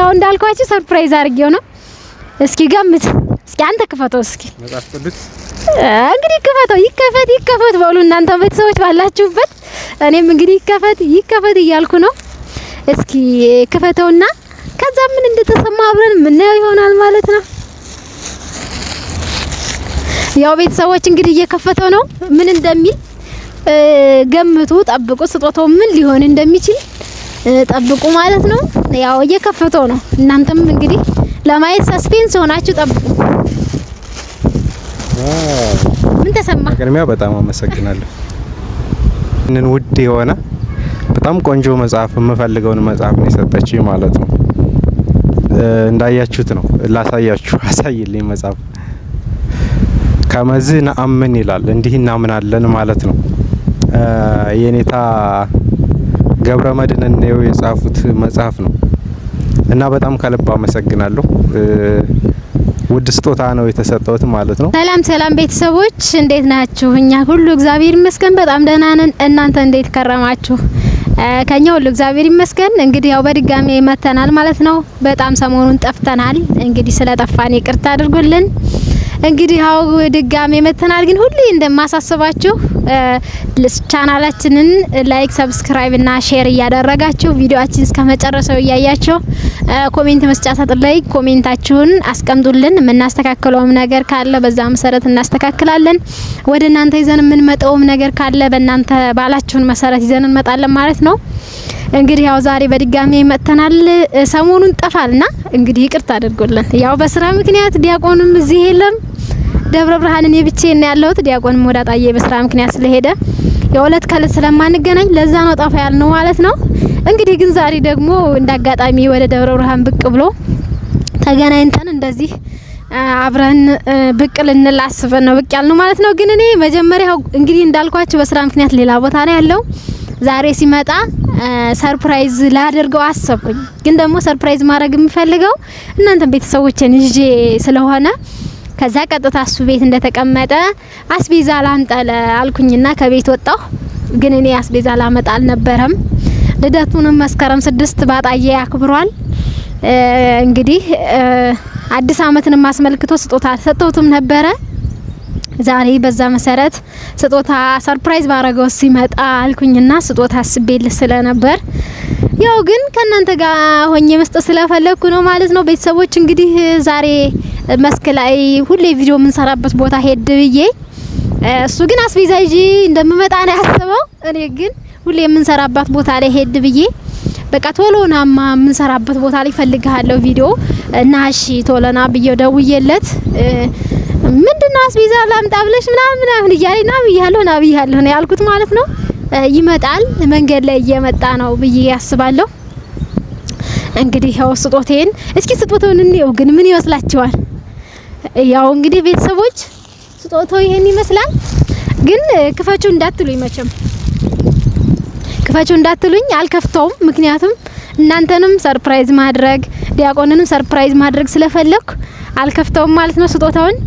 ያው እንዳልኳችሁ ሰርፕራይዝ አድርጌው ነው። እስኪ ገምት፣ እስኪ አንተ ክፈተው። እስኪ እንግዲህ ክፈተው። ይከፈት ይከፈት በሉ እናንተ ቤተሰቦች ባላችሁበት። እኔም እንግዲህ ይከፈት ይከፈት እያልኩ ነው። እስኪ ክፈተውና ከዛ ምን እንደተሰማ አብረን የምናየው ይሆናል ማለት ነው። ያው ቤተሰቦች እንግዲህ እየከፈተው ነው። ምን እንደሚል ገምቱ፣ ጠብቁ። ስጦታው ምን ሊሆን እንደሚችል ጠብቁ ማለት ነው። ያው እየከፈተው ነው። እናንተም እንግዲህ ለማየት ሰስፔንስ ሆናችሁ ጠብቁ። ምን ተሰማ? ቅድሚያ በጣም አመሰግናለሁ። ይህንን ውድ የሆነ በጣም ቆንጆ መጽሐፍ የምፈልገውን መጽሐፍ ነው የሰጠችኝ ማለት ነው። እንዳያችሁት ነው ላሳያችሁ። አሳይልኝ መጽሐፍ ከመዝህ ነአምን ይላል። እንዲህ እናምናለን ማለት ነው የኔታ ገብረመድህን እንየው የጻፉት መጽሐፍ ነው እና በጣም ከልብ አመሰግናለሁ። ውድ ስጦታ ነው የተሰጠውት ማለት ነው። ሰላም ሰላም ቤተሰቦች እንዴት ናችሁ? እኛ ሁሉ እግዚአብሔር ይመስገን በጣም ደህና ነን። እናንተ እንዴት ከረማችሁ? ከኛ ሁሉ እግዚአብሔር ይመስገን። እንግዲህ ያው በድጋሚ መተናል ማለት ነው። በጣም ሰሞኑን ጠፍተናል። እንግዲህ ስለጠፋን ይቅርታ አድርጉልን። እንግዲህ ያው ድጋሜ መተናል። ግን ሁሌ እንደማሳስባችሁ ቻናላችንን ላይክ፣ ሰብስክራይብ እና ሼር እያደረጋችሁ ቪዲዮአችን እስከ መጨረሻው እያያችሁ ኮሜንት መስጫ ሳጥን ላይ ኮሜንታችሁን አስቀምጡልን። የምናስተካክለውም ነገር ካለ በዛ መሰረት እናስተካክላለን። ወደ እናንተ ይዘን የምንመጣውም ነገር ካለ በእናንተ ባላችሁን መሰረት ይዘን እንመጣለን ማለት ነው። እንግዲህ ያው ዛሬ በድጋሜ መጥተናል። ሰሞኑን ጠፋልና እንግዲህ ይቅርታ አድርጎልን ያው በስራ ምክንያት ዲያቆንም እዚህ የለም ደብረ ብርሃን እኔ ብቻዬን ያለሁት ዲያቆን ወደ አጣዬ በስራ ምክንያት ስለሄደ የሁለት ከለት ስለማንገናኝ ለዛ ነው ጠፋ ያልነው ማለት ነው። እንግዲህ ግን ዛሬ ደግሞ እንዳጋጣሚ ወደ ደብረ ብርሃን ብቅ ብሎ ተገናኝተን እንደዚህ አብረን ብቅ ልንል አስበን ነው ብቅ ያልነው ማለት ነው። ግን እኔ መጀመሪያ እንግዲህ እንዳልኳችሁ በስራ ምክንያት ሌላ ቦታ ነው ያለው። ዛሬ ሲመጣ ሰርፕራይዝ ላደርገው አሰብኩኝ። ግን ደግሞ ሰርፕራይዝ ማድረግ የምፈልገው እናንተን ቤተሰቦቼን ይዤ ስለሆነ ከዛ ቀጥታ እሱ ቤት እንደተቀመጠ አስቤዛ ላምጣለ አልኩኝና ከቤት ወጣሁ። ግን እኔ አስቤዛ ላመጣ አልነበረም። ልደቱንም መስከረም ስድስት ባጣዬ ያክብሯል። እንግዲህ አዲስ አመትንም አስመልክቶ ስጦታ ሰጥተውትም ነበረ። ዛሬ በዛ መሰረት ስጦታ ሰርፕራይዝ ባረገው ሲመጣ አልኩኝና ስጦታ አስቤል ስለነበር ያው ግን ከእናንተ ጋር ሆኜ መስጠት ስለፈለግኩ ነው ማለት ነው። ቤተሰቦች እንግዲህ ዛሬ መስክ ላይ ሁሌ ቪዲዮ የምንሰራበት ቦታ ሄድ ብዬ እሱ ግን አስቤዛ ይዤ እንደምመጣ ነው ያስበው። እኔ ግን ሁሌ የምንሰራባት ቦታ ላይ ሄድ ብዬ በቃ ቶሎናማ የምንሰራበት ቦታ ላይ ፈልግሃለሁ ቪዲዮ እና እሺ ቶሎና ብዬ ደውዬለት ምንድነው አስቤዛ ላምጣ ብለሽ ምናምን ምናምን እያለኝ ና ብያለሁ ና ብያለሁ ነው ያልኩት ማለት ነው። ይመጣል መንገድ ላይ እየመጣ ነው ብዬ ያስባለሁ። እንግዲህ ያው ስጦቴን እስኪ ስጦቴውን እንየው ግን ምን ይመስላችኋል? ያው እንግዲህ ቤተሰቦች ስጦታው ይሄን ይመስላል። ግን ክፈቹ እንዳትሉኝ መቼም ክፈቹ እንዳትሉኝ አልከፍተውም። ምክንያቱም እናንተንም ሰርፕራይዝ ማድረግ ዲያቆንንም ሰርፕራይዝ ማድረግ ስለፈለኩ አልከፍተውም ማለት ነው ስጦታውን።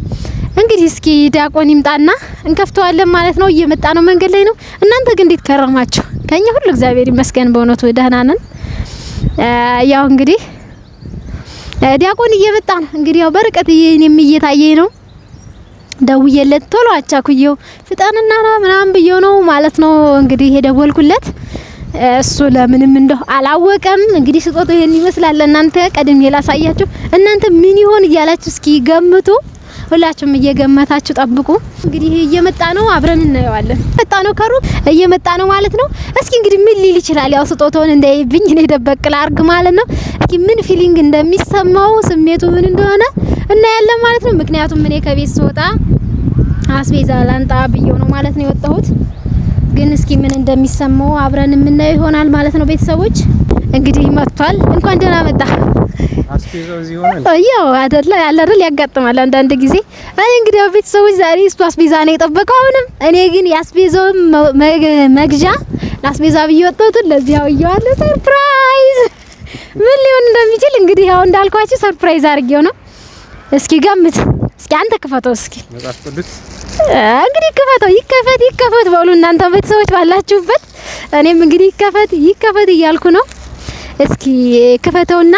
እንግዲህ እስኪ ዲያቆን ይምጣና እንከፍተዋለን ማለት ነው። እየመጣ ነው፣ መንገድ ላይ ነው። እናንተ ግን እንዴት ከረማችሁ? ከኛ ሁሉ እግዚአብሔር ይመስገን በእውነቱ ደህና ነን። ያው እንግዲህ ዲያቆን እየመጣ ነው። እንግዲህ ያው በርቀት እኔም እየታየኝ ነው። ደውዬለት ቶሎ አቻኩየው ፍጠንና ና ምናምን ብየው ነው ማለት ነው እንግዲህ የደወልኩለት እሱ ለምንም እንደው አላወቀም። እንግዲህ ስጦታ ይሄን ይመስላል። እናንተ ቀድሜ ላሳያችሁ። እናንተ ምን ይሆን እያላችሁ እስኪ ገምቱ። ሁላችሁም እየገመታችሁ ጠብቁ። እንግዲህ እየመጣ ነው፣ አብረን እናየዋለን። መጣ ነው፣ ከሩ እየመጣ ነው ማለት ነው። እስኪ እንግዲህ ምን ሊል ይችላል? ያው ስጦታውን እንዳይብኝ እኔ ደበቅ ላርግ ማለት ነው። ምን ፊሊንግ እንደሚሰማው ስሜቱ ምን እንደሆነ እናያለን ማለት ነው። ምክንያቱም እኔ ከቤት ስወጣ አስቤዛ ላንጣ ብዬው ነው ማለት ነው የወጣሁት። ግን እስኪ ምን እንደሚሰማው አብረን የምናየው ይሆናል ማለት ነው። ቤተሰቦች እንግዲህ መጥቷል። እንኳን ደህና መጣ። አስቤዛው እዚህ ሆነ። ያው አይደለ ያለ አይደል ያጋጥማል አንዳንድ ጊዜ። አይ እንግዲህ ቤተሰቦች ዛሬ እሱ አስቤዛ ነው የጠበቀው። አሁንም እኔ ግን የአስቤዛውን መግዣ ለአስቤዛ ብዬ ወጣሁት። ለዚህ አውየዋለሁ ሰርፕራይዝ ምን ሊሆን እንደሚችል እንግዲህ ያው እንዳልኳችሁ ሰርፕራይዝ አድርጌው ነው። እስኪ ገምት፣ እስኪ አንተ ክፈተው። እስኪ እንግዲህ ክፈተው። ይከፈት ይከፈት በሉ እናንተ ቤተሰቦች ባላችሁበት። እኔም እንግዲህ ይከፈት ይከፈት እያልኩ ነው። እስኪ ክፈተውና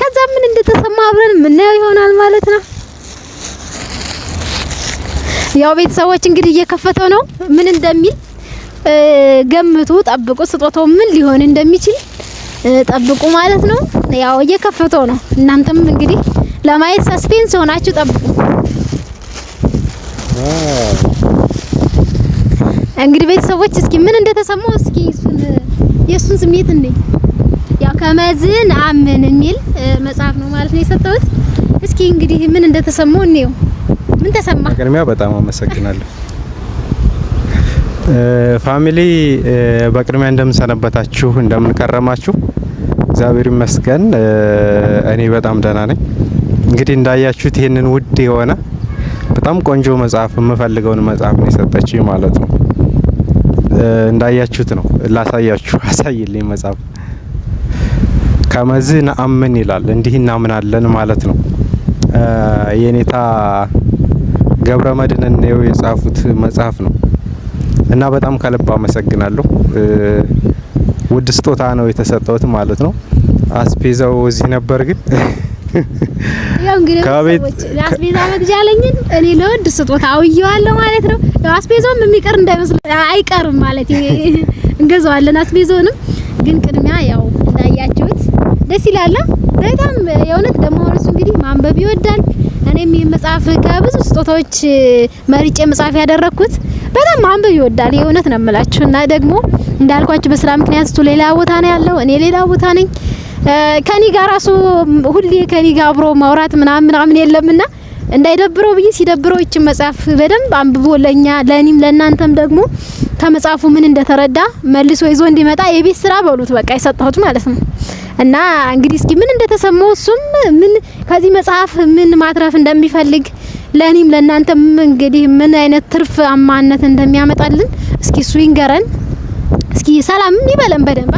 ከዛ ምን እንደተሰማ አብረን የምናየው ይሆናል ማለት ነው። ያው ቤተሰቦች እንግዲህ እየከፈተው ነው። ምን እንደሚል ገምቱ፣ ጠብቁ። ስጦታው ምን ሊሆን እንደሚችል ጠብቁ ማለት ነው። ያው እየከፈተው ነው። እናንተም እንግዲህ ለማየት ሰስፔንስ ሆናችሁ ጠብቁ። እንግዲህ ቤተሰቦች እስኪ ምን እንደተሰማው እስኪ እሱን የሱን ስሜት እንዴ ያው ከመዝን አምን የሚል መጽሐፍ ነው ማለት ነው የሰጠሁት። እስኪ እንግዲህ ምን እንደተሰማው እንየው። ምን ተሰማ? በቅድሚያ በጣም አመሰግናለሁ። ፋሚሊ በቅድሚያ እንደምንሰነበታችሁ እንደምንከረማችሁ፣ እግዚአብሔር ይመስገን እኔ በጣም ደህና ነኝ። እንግዲህ እንዳያችሁት ይህንን ውድ የሆነ በጣም ቆንጆ መጽሐፍ የምፈልገውን መጽሐፍ ነው የሰጠችኝ ማለት ነው። እንዳያችሁት ነው ላሳያችሁ፣ አሳይልኝ መጽሐፍ ከመዝ ነአምን ይላል። እንዲህ እናምናለን ማለት ነው። የኔታ ገብረ መድህን ነው የጻፉት መጽሐፍ ነው። እና በጣም ከልብ አመሰግናለሁ። ውድ ስጦታ ነው የተሰጠውት ማለት ነው። አስፔዛው እዚህ ነበር ግን ያው እንግዲህ አስቤዛ መግዣ አለኝን እኔ ለውድ ስጦታ አውየዋለሁ ማለት ነው። ያው አስቤዛውም የሚቀር እንዳይመስል አይቀርም ማለት እንገዛዋለን። አስቤዛውንም ግን ቅድሚያ ያው እንዳያችሁት ደስ ይላል። በጣም የእውነት ደግሞ እሱ እንግዲህ ማንበብ ይወዳል። እኔም መጽሐፍ ከብዙ ስጦታዎች መርጬ መጽሐፍ ያደረኩት በጣም ማንበብ ይወዳል። የእውነት ነው የምላችሁ። እና ደግሞ እንዳልኳችሁ በስራ ምክንያት እሱ ሌላ ቦታ ነው ያለው፣ እኔ ሌላ ቦታ ነኝ። ከኔ ጋር ራሱ ሁሌ ከኔ ጋር አብሮ ማውራት ምናምን ምናምን የለምና እንዳይደብረው ብዬ ሲደብረው ይችን መጽሐፍ በደንብ አንብቦ ለኛ ለኔም ለእናንተም ደግሞ ከመጽሐፉ ምን እንደተረዳ መልሶ ይዞ እንዲመጣ የቤት ስራ በሉት በቃ የሰጠሁት ማለት ነው። እና እንግዲህ እስኪ ምን እንደተሰማው እሱም ምን ከዚህ መጽሐፍ ምን ማትረፍ እንደሚፈልግ ለእኔም ለእናንተም እንግዲህ ምን አይነት ትርፍ አማነት እንደሚያመጣልን እስኪ እሱ ይንገረን። እስኪ ሰላም ይበለን በደንብ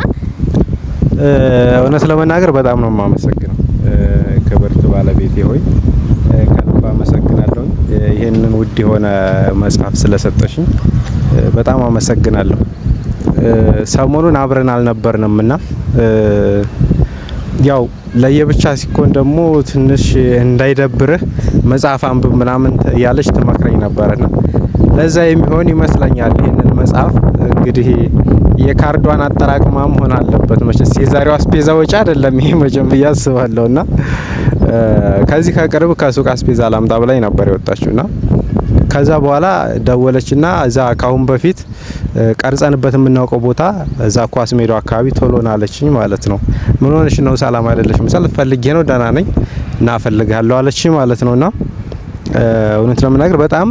እውነት ለመናገር በጣም ነው የማመሰግነው። ክብርት ባለቤቴ ሆይ ከልብ አመሰግናለሁ። ይህንን ውድ የሆነ መጽሐፍ ስለሰጠሽኝ በጣም አመሰግናለሁ። ሰሞኑን አብረን አልነበርንም እና ያው ለየብቻ ሲኮን ደግሞ ትንሽ እንዳይደብርህ መጽሐፍ አንብብ ምናምን እያለች ትመክረኝ ነበርና ለዛ የሚሆን ይመስለኛል። ይህንን መጽሐፍ እንግዲህ የካርዷን አጠራቅማ መሆን አለበት መቼስ የዛሬው አስፔዛ ወጪ አይደለም ይሄ መቼም ብዬ አስባለሁ። እና ከዚህ ከቅርብ ከሱቅ አስፔዛ ላምጣ ብላኝ ነበር የወጣችው እና ከዛ በኋላ ደወለችና እዛ ካሁን በፊት ቀርጸንበት የምናውቀው ቦታ እዛ ኳስ ሜዳው አካባቢ ቶሎ ናለችኝ ማለት ነው። ምን ሆነሽ ነው? ሰላም አይደለሽ? ምሳል ፈልጌ ነው ደህና ነኝ እና ፈልጋለሁ አለችኝ ማለት ነው። እና እውነት ለመናገር በጣም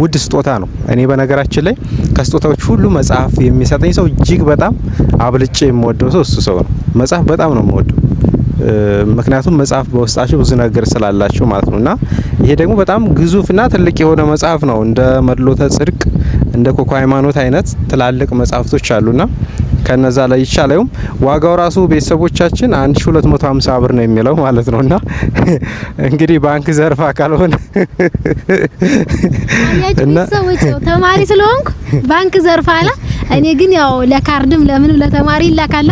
ውድ ስጦታ ነው። እኔ በነገራችን ላይ ከስጦታዎች ሁሉ መጽሐፍ የሚሰጠኝ ሰው እጅግ በጣም አብልጬ የምወደው ሰው እሱ ሰው ነው። መጽሐፍ በጣም ነው የምወደው ምክንያቱም መጽሐፍ በውስጣቸው ብዙ ነገር ስላላቸው ማለት ነው እና ይሄ ደግሞ በጣም ግዙፍና ትልቅ የሆነ መጽሐፍ ነው እንደ መድሎተ ጽድቅ እንደ ኮኮ ሃይማኖት አይነት ትላልቅ መጽሐፍቶች አሉና ከነዛ ላይ ይቻላይም ዋጋው ራሱ ቤተሰቦቻችን 1250 ብር ነው የሚለው ማለት ነውና እንግዲህ ባንክ ዘርፋ ካልሆነ እና ተማሪ ስለሆንኩ ባንክ ዘርፋ አለ። እኔ ግን ያው ለካርድም ለምንም ለተማሪ ይላካላ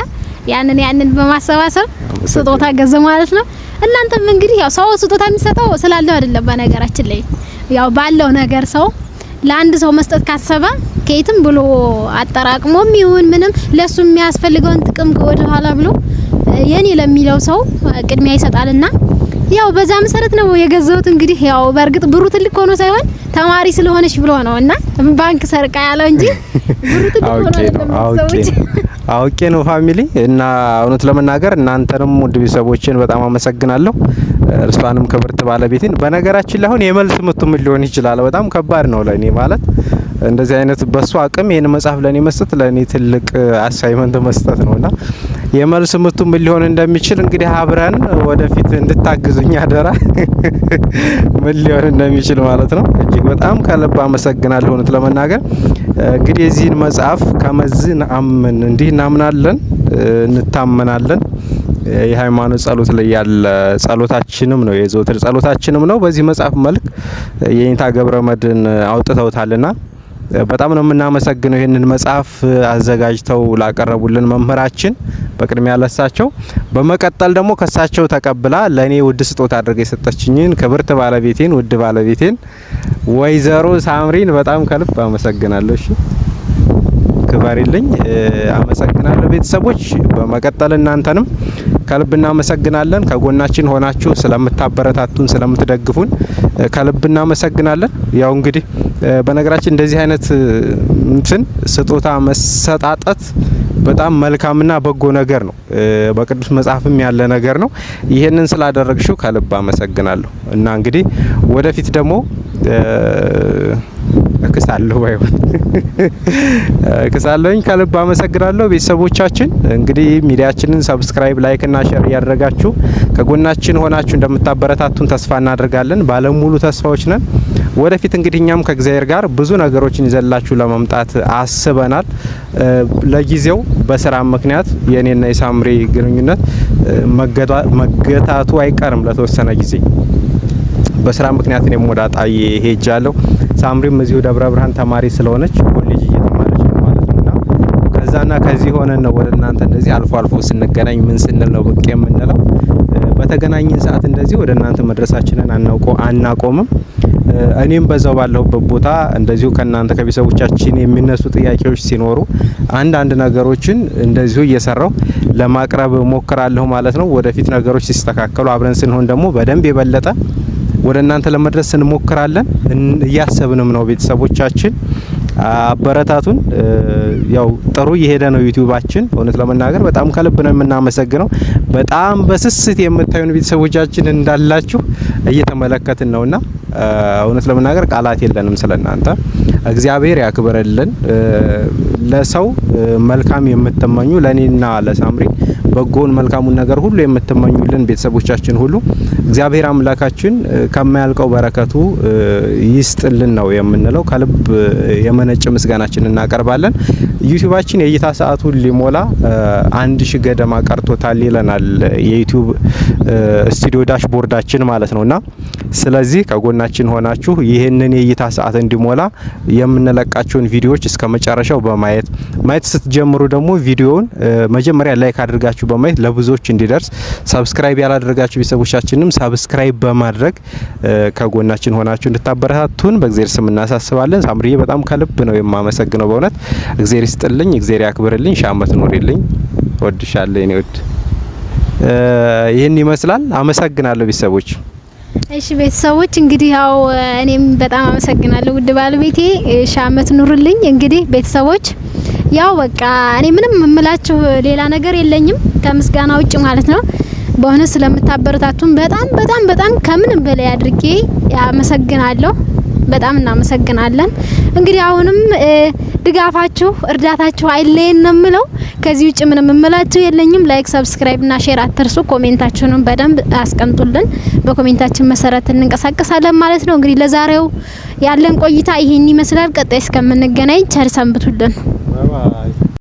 ያንን ያንን በማሰባሰብ ስጦታ ገዘ ማለት ነው። እናንተም እንግዲህ ያው ሰው ስጦታ የሚሰጠው ስላለው አይደለም። በነገራችን ላይ ያው ባለው ነገር ሰው ለአንድ ሰው መስጠት ካሰበ ከየትም ብሎ አጠራቅሞም ይሁን ምንም ለሱ የሚያስፈልገውን ጥቅም ወደ ኋላ ብሎ የኔ ለሚለው ሰው ቅድሚያ ይሰጣልና ያው በዛ መሰረት ነው የገዛሁት። እንግዲህ ያው በእርግጥ ብሩ ትልቅ ሆኖ ሳይሆን ተማሪ ስለሆነች ብሎ ነው እና ባንክ ሰርቃ ያለው እንጂ ብሩ ትልቅ ሆኖ አውቄ ነው ፋሚሊ እና እውነት ለመናገር እናንተንም ውድ ቤተሰቦችን በጣም አመሰግናለሁ። እርሷንም ክብርት ባለቤቴን። በነገራችን ላይ አሁን የመልስ ምቱ ሊሆን ይችላል? በጣም ከባድ ነው ለእኔ ማለት እንደዚህ አይነት በሱ አቅም ይህን መጽሐፍ ለእኔ መስጠት ለእኔ ትልቅ አሳይመንት መስጠት ነው እና የመልስ ምቱ ምን ሊሆን እንደሚችል እንግዲህ አብረን ወደፊት እንድታግዙኝ አደራ። ምን ሊሆን እንደሚችል ማለት ነው። እጅግ በጣም ከልብ አመሰግናለሁ እውነት ለመናገር እንግዲህ የዚህን መጽሐፍ ከመዝ ነአምን እንዲህ እናምናለን እንታመናለን የሃይማኖት ጸሎት ላይ ያለ ጸሎታችንም ነው የዘወትር ጸሎታችንም ነው። በዚህ መጽሐፍ መልክ የኔታ ገብረመድን አውጥተውታልና በጣም ነው የምናመሰግነው ይህንን መጽሐፍ አዘጋጅተው ላቀረቡልን መምህራችን በቅድሚያ ለሳቸው፣ በመቀጠል ደግሞ ከሳቸው ተቀብላ ለእኔ ውድ ስጦታ አድርገ የሰጠችኝን ክብርት ባለቤቴን ውድ ባለቤቴን ወይዘሮ ሳምሪን በጣም ከልብ አመሰግናለሁ። እሺ ክበሪልኝ። አመሰግናለሁ ቤተሰቦች። በመቀጠል እናንተንም ከልብ እናመሰግናለን ከጎናችን ሆናችሁ ስለምታበረታቱን ስለምትደግፉን ከልብ እናመሰግናለን። ያው እንግዲህ በነገራችን እንደዚህ አይነት እንትን ስጦታ መሰጣጠት በጣም መልካምና በጎ ነገር ነው። በቅዱስ መጽሐፍም ያለ ነገር ነው። ይህንን ስላደረግሽው ከልብ አመሰግናለሁ እና እንግዲህ ወደፊት ደግሞ ክሳለሁ ባይሆን ክሳለሁኝ፣ ከልብ አመሰግናለሁ ቤተሰቦቻችን። እንግዲህ ሚዲያችንን ሰብስክራይብ፣ ላይክ እና ሼር እያደረጋችሁ ከጎናችን ሆናችሁ እንደምታበረታቱን ተስፋ እናደርጋለን። ባለሙሉ ተስፋዎች ነን። ወደፊት እንግዲህ እኛም ከእግዚአብሔር ጋር ብዙ ነገሮችን ይዘላችሁ ለመምጣት አስበናል። ለጊዜው በስራ ምክንያት የእኔና የሳምሪ ግንኙነት መገታቱ አይቀርም ለተወሰነ ጊዜ በስራ ምክንያት ነው ወደ አጣዬ ሄጃለሁ። ሳምሪም እዚሁ ደብረ ብርሃን ተማሪ ስለሆነች ኮሌጅ እየተማረች ነው ማለት ነውና ከዛና ከዚህ ሆነ ነው ወደ እናንተ እንደዚህ አልፎ አልፎ ስንገናኝ ምን ስንል ነው ብቅ የምንለው። በተገናኘን ሰዓት እንደዚህ ወደ እናንተ መድረሳችንን አናውቆ አናቆምም። እኔም በዛው ባለሁበት ቦታ እንደዚሁ ከእናንተ ከቤተሰቦቻችን የሚነሱ ጥያቄዎች ሲኖሩ አንዳንድ ነገሮችን እንደዚሁ እየሰራው ለማቅረብ ሞክራለሁ ማለት ነው። ወደፊት ነገሮች ሲስተካከሉ አብረን ስንሆን ደግሞ በደንብ የበለጠ ወደ እናንተ ለመድረስ እንሞክራለን። እያሰብንም ነው። ቤተሰቦቻችን አበረታቱን። ያው ጥሩ እየሄደ ነው ዩቲዩባችን። እውነት ለመናገር በጣም ከልብ ነው የምናመሰግነው። በጣም በስስት የምታዩን ቤተሰቦቻችን እንዳላችሁ እየተመለከትን ነውና እውነት ለመናገር ቃላት የለንም ስለናንተ። እግዚአብሔር ያክብርልን። ለሰው መልካም የምትመኙ ለእኔና ለሳምሪ በጎን መልካሙን ነገር ሁሉ የምትመኙልን ቤተሰቦቻችን ሁሉ እግዚአብሔር አምላካችን ከማያልቀው በረከቱ ይስጥልን ነው የምንለው። ከልብ የመነጭ ምስጋናችን እናቀርባለን። ዩቲዩባችን የእይታ ሰዓቱን ሊሞላ አንድ ሺ ገደማ ቀርቶታል ይለናል የዩቲዩብ ስቱዲዮ ዳሽቦርዳችን ማለት ነውና ስለዚህ ከጎናችን ሆናችሁ ይህንን የእይታ ሰዓት እንዲሞላ የምንለቃቸውን ቪዲዮዎች እስከ መጨረሻው በማየት ማየት ስትጀምሩ ደግሞ ቪዲዮውን መጀመሪያ ላይክ አድርጋችሁ በማየት ለብዙዎች እንዲደርስ ሰብስክራይብ ያላደረጋችሁ ቤተሰቦቻችንም ሰብስክራይብ በማድረግ ከጎናችን ሆናችሁ እንድታበረታቱን በእግዜር ስም እናሳስባለን። ሳምርዬ በጣም ከልብ ነው የማመሰግነው። በእውነት እግዜር ይስጥልኝ፣ እግዜር ያክብርልኝ፣ ሺህ ዓመት ኑሪልኝ። ወድሻለሁ የኔ ወድ። ይህን ይመስላል። አመሰግናለሁ ቤተሰቦች። እሺ ቤተሰቦች እንግዲህ ያው እኔም በጣም አመሰግናለሁ ውድ ባለቤቴ፣ ሺህ ዓመት ኑርልኝ። እንግዲህ ቤተሰቦች ያው በቃ እኔ ምንም እምላችሁ ሌላ ነገር የለኝም ከምስጋና ውጭ ማለት ነው። በሆነ ስለምታበረታቱን በጣም በጣም በጣም ከምንም በላይ አድርጌ አመሰግናለሁ። በጣም እናመሰግናለን። እንግዲህ አሁንም ድጋፋችሁ፣ እርዳታችሁ አይለየን ነው የምለው። ከዚህ ውጭ ምንም እምላችሁ የለኝም። ላይክ፣ ሰብስክራይብ እና ሼር አትርሱ። ኮሜንታችሁንም በደንብ አስቀምጡልን። በኮሜንታችን መሰረት እንንቀሳቀሳለን ማለት ነው። እንግዲህ ለዛሬው ያለን ቆይታ ይሄን ይመስላል። ቀጣይ እስከምንገናኝ ቸር ሰንብቱልን። Давай.